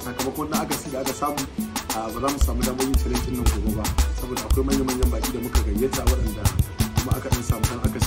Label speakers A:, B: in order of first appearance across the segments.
A: sakamakon da aka si aka samu ba za mu samu damar yin challenge nan gobe ba saboda akwai manya-manyan baki da muka gayyata waɗanda kuma aka ɗan samu dan aka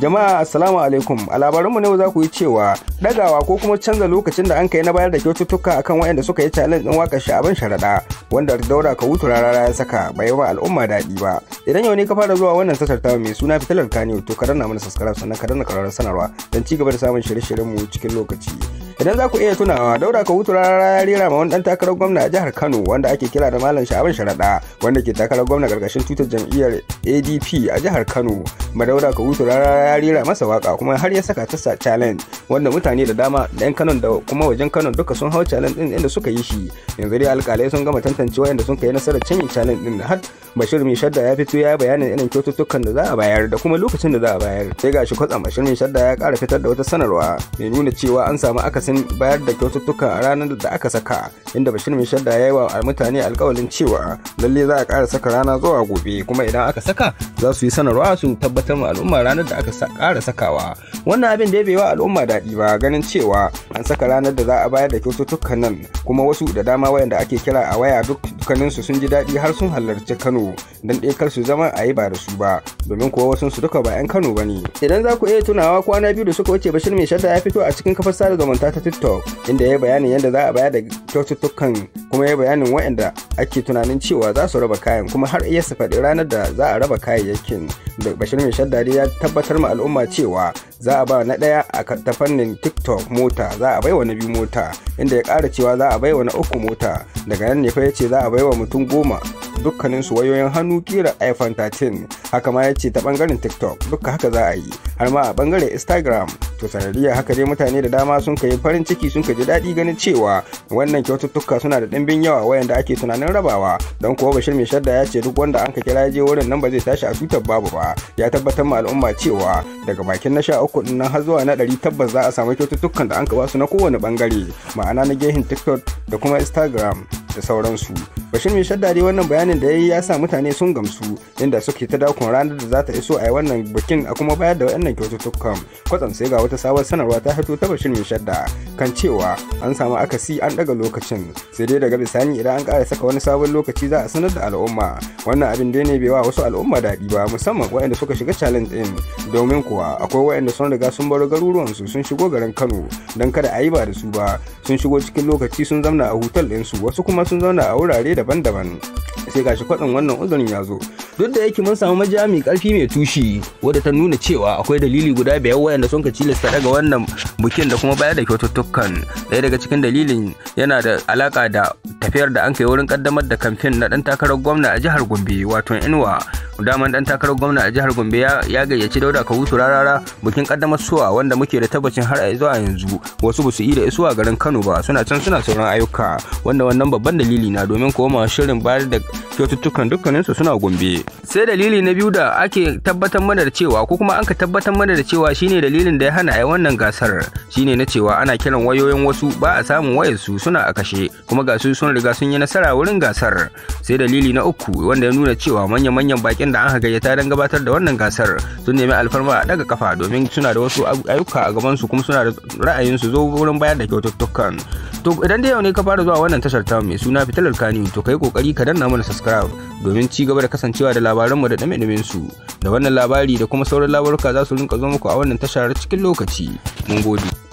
A: Jama'a assalamu alaikum a labarinmu na yau za ku yi cewa dagawa ko kuma canza lokacin da an kai na bayar da kyaututtuka akan waɗanda suka yi challenge ɗin waka sha'aban sharaɗa wanda daura ka wutu rarara ya saka bai wa al'umma daɗi ba idan yau ne ka fara zuwa wannan tasar mai suna fitilar kaniyo to ka danna mana subscribe sannan ka danna kararar sanarwa don ci gaba da samun shirye-shiryenmu cikin lokaci idan za ku iya tunawa daura ka hutu rara ya rera ma wani takarar gwamna a jihar kano wanda ake kira da malam sha'aban sharaɗa wanda ke takarar gwamna karkashin tutar jam'iyyar adp a jihar kano Madaura ka hutu rara ya rera masa waka kuma har ya saka ta challenge wanda mutane da dama da yan kanon da kuma wajen kanon duka sun hau challenge din inda suka yi shi yanzu dai alkalai sun gama tantance wayanda sun kai nasarar cinye challenge din har bashir mai shadda ya fito ya bayanin irin kyaututtukan da za a bayar da kuma lokacin da za a bayar sai gashi kwatsam bashir mai shadda ya kara fitar da wata sanarwa mai nuna cewa an samu akasin bayar da kyaututtuka a ranar da aka saka inda bashir mai shadda ya yi wa mutane alkawalin cewa lalle za a kara saka rana zuwa gobe kuma idan aka saka za su yi sanarwa su tabbatar gabatar al'umma ranar da aka ƙara sakawa wannan abin da ya bai wa al'umma daɗi ba ganin cewa an saka ranar da za a bayar da kyaututtukan nan kuma wasu da dama wayanda ake kira a waya duk dukkaninsu sun ji daɗi har sun halarci kano don ɗaya kar su zama a yi ba da su ba domin kuwa wasu su duka ba 'yan kano ba ne idan za ku iya tunawa kwana biyu da suka wuce bashir mai shata ya fito a cikin kafar sada zumunta ta tiktok inda ya yi bayanin yadda za a bayar da kyaututtukan kuma ya bayanin waɗanda ake tunanin cewa za su raba kayan kuma har iya su faɗi ranar da za a raba kayayyakin da bashir mai shaddari ya tabbatar ma al'umma cewa za a ba na ɗaya a ta fannin tiktok mota za a baiwa na biyu mota inda ya ƙara cewa za a baiwa na uku mota daga nan ne fa ya ce za a baiwa mutum goma dukkanin su wayoyin hannu kira iphone 13 haka ma ya ce ta bangaren tiktok dukka haka za a yi har ma a ɓangaren instagram to sanadiyar haka dai mutane da dama sun kai farin ciki sun ji daɗi ganin cewa wannan kyaututtuka suna da ɗimbin yawa wayanda ake tunanin rabawa don kuwa bashir mai shadda ya ce duk wanda an ka kira je wurin nan ba zai tashi a tutar babu ba ya tabbatar ma al'umma cewa daga bakin na sha uku din nan har zuwa na ɗari tabbas za a samu kyaututtukan da an ka su na kowane bangare ma'ana na gehin tiktok da kuma instagram da sauransu bashir mai shadda wannan bayanin da ya yi ya sa mutane sun gamsu inda suke ta dakon ranar da za ta iso a yi wannan bikin a kuma bayar da waɗannan kyaututtukan kwatsam sai ga wata sabon sanarwa ta fito ta bashir mai shadda kan cewa an samu akasi an daga lokacin sai dai daga bisani idan an ƙara saka wani sabon lokaci za a sanar da al'umma wannan abin dai ne bai wa wasu al'umma daɗi ba musamman waɗanda suka shiga challenge ɗin domin kuwa akwai waɗanda sun riga sun baro garuruwansu sun shigo garin kano don kada a yi ba da su ba sun shigo cikin lokaci sun zamna a hotel ɗinsu wasu kuma sun zauna a wurare daban-daban sai gashi kwaɗin wannan uzurin ya zo duk da yake mun samu majami karfi mai tushi wadda ta nuna cewa akwai dalili guda biyar wayanda sun ka cilasta daga wannan bukin da kuma bayar da kyaututtukan ɗaya daga cikin dalilin yana da alaƙa da tafiyar da an kai wurin ƙaddamar da kamfen na ɗan takarar gwamna a jihar gombe wato inuwa daman dan takarar gwamna a jihar gombe ya gayyaci dauda kawusu rarara bikin kaddamar suwa wanda muke da tabbacin har a zuwa yanzu wasu ba su yi da isuwa garin kano ba suna can suna sauran ayyuka wanda wannan babban dalili na domin koma shirin bayar da kyaututtukan su suna gombe sai dalili na biyu da ake tabbatar mana da cewa ko kuma an ka tabbatar mana da cewa shine dalilin da ya hana a yi wannan gasar shine na cewa ana kiran wayoyin wasu ba a samun wayar su suna a kashe kuma ga su sun riga sun yi nasara wurin gasar sai dalili na uku wanda ya nuna cewa manya-manyan bakin bakin da an gayyata don gabatar da wannan gasar sun nemi alfarma a daga kafa domin suna da wasu ayyuka a gabansu kuma suna da ra'ayin su zo wurin bayar da kyaututtukan to idan da yau ne ka fara zuwa wannan tashar ta mai suna fitilar kani to kai kokari ka danna mana subscribe domin ci gaba da kasancewa da labaran mu da dame-damen su da wannan labari da kuma sauran labaruka za su rinka zo muku a wannan tashar cikin lokaci mun gode